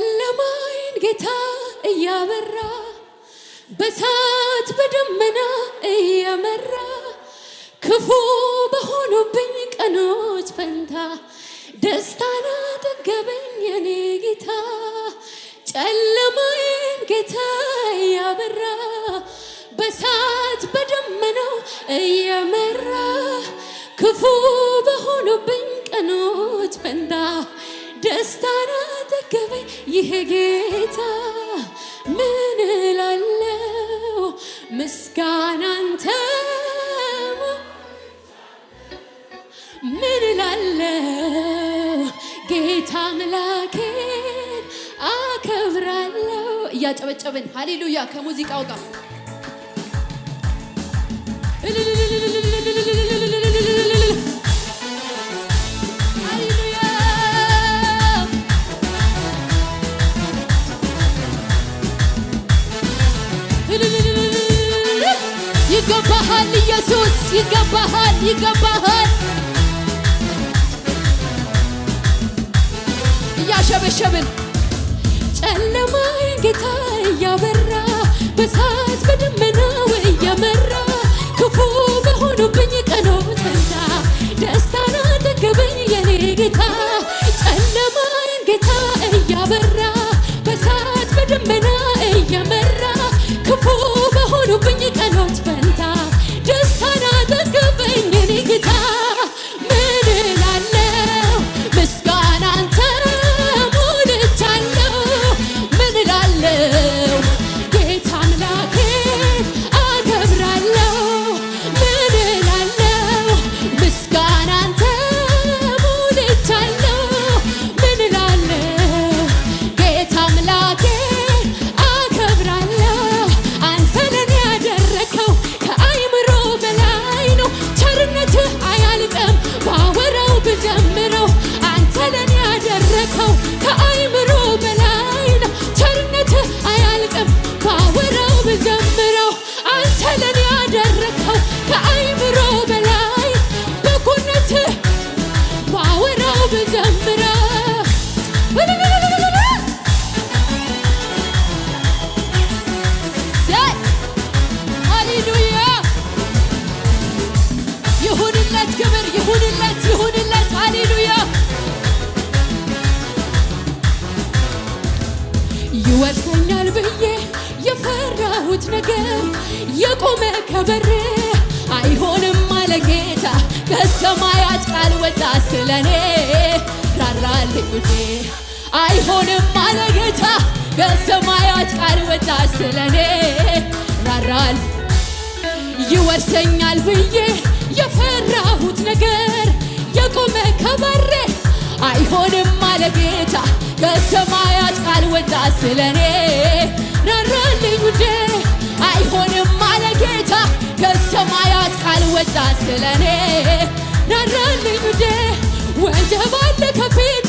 ጨለማይን ጌታ እያበራ በሳት በደመና እየመራ ክፉ በሆኑብኝ ቀኖች ፈንታ ደስታና ጠገበኝ የኔ ጌታ ጨለማይን ጌታ እያበራ በሳት በደመናው እየመራ ክፉ በሆኑብኝ ቀኖች ፈንታ ደስታና ያጠገበኝ ይሄ ጌታ ምን እላለው? ምስጋናንተ ምን እላለው? ጌታ አምላኬን አከብራለው። እያጨበጨብን ሃሌሉያ ከሙዚቃው ጋር ኢየሱስ ይገባሃል፣ ይገባሃል። እያሸበሸብን ጨለማይ ጌታ እያበራ በሳት በደመ ይወርሰኛል ብዬ የፈራሁት ነገር የቆመ ከበሬ አይሆንም አለ ጌታ። ከሰማያት ቃል ወጣ ስለኔ ራራልኝ ውዴ። አይሆንም አለ ጌታ። ከሰማያት ቃል ወጣ ስለኔ ራራል ይወርሰኛል ብዬ የፈራሁት ነገር የቆመ ከበሬ አይሆንም አለ ጌታ ከሰማያት ቃል ወጣ ስለኔ ራራልኝ ውዴ አይሆንም አለ ጌታ ከሰማያት ቃል ወጣ ስለኔ ራራልኝ ውዴ ወጀባለ ከፊት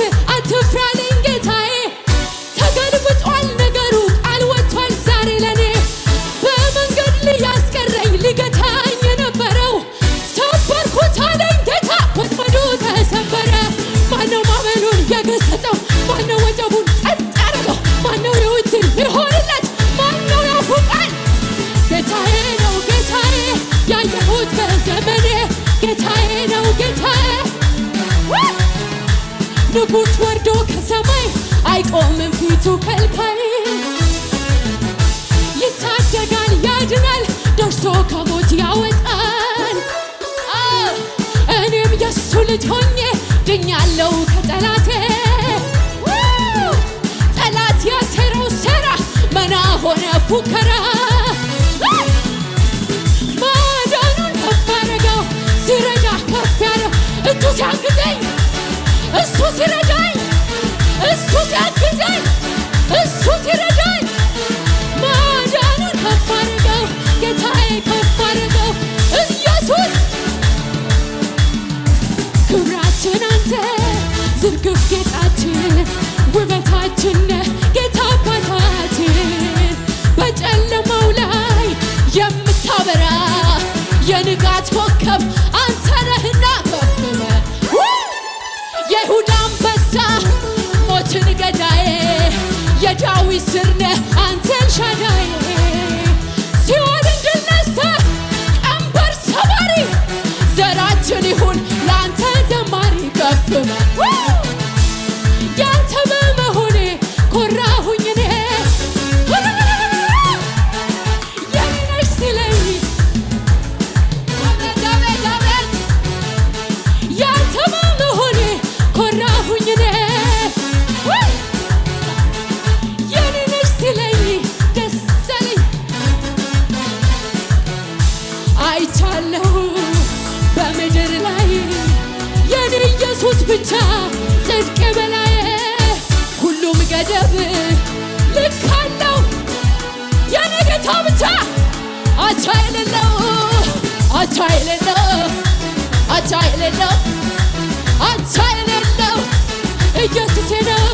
ንጉሥ ወርዶ ከሰማይ አይቆምም ፊቱ ከልካይ ይታደጋል፣ ያድናል፣ ደርሶ ከሞት ያወጣል። እኔም የሱ ልጅ ሆኜ ድኛለው ከጠላቴ ጠላት ያሰረው ሴራ መና ሆነ ፉከራ ዝርግፍ ጌጣችን ውበታችን ጌታ አባታችን በጨለማው ላይ የምታበራ የንጋት ኮከብ አንተ ነህና ከፍበ የይሁዳ አንበሳ ሞትን ገዳዬ የዳዊት ስር ነህ አንተ ኤልሻዳይ ጽድቅ በላዬ ሁሉም ገደብ ልክ አለው። ብቻ አቻ የሌለው አቻ የሌለው አቻ የሌለው አቻ የሌለው ኢየሱሴ ነው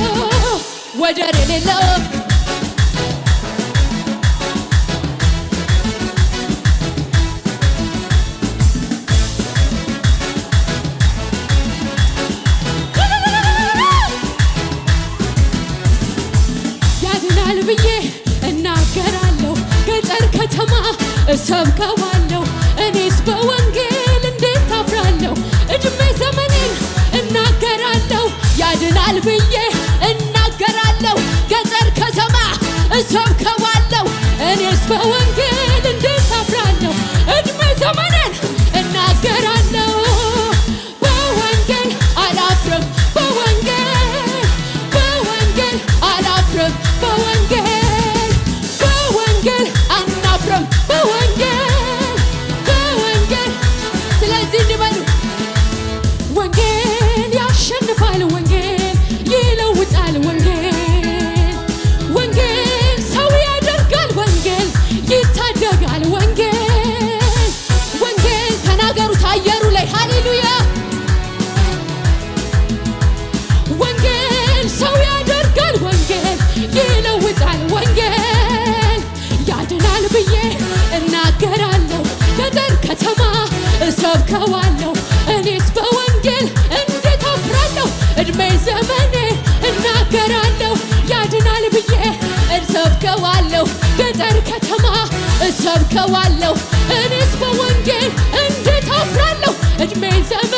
ወደር የሌለው ሰብከዋለሁ። እኔስ በወንጌል እንዴት ታፍራለሁ? እድሜ ዘመኔን እናገራለሁ። ያድናል ብዬ እናገራለሁ። ገጠር ከተማ እሰብከዋለሁ። እኔስ በወንጌል እረከዋለሁ። እኔስ በወንጌል እንዴት አፍራለሁ? እድሜ ዘመኔ እናገራለሁ። ያድናል ብዬ እሰብከዋለሁ። ገጠር ከተማ እሰብከዋለሁ። እኔስ በወንጌል እንዴት አፍራለሁ? እድሜ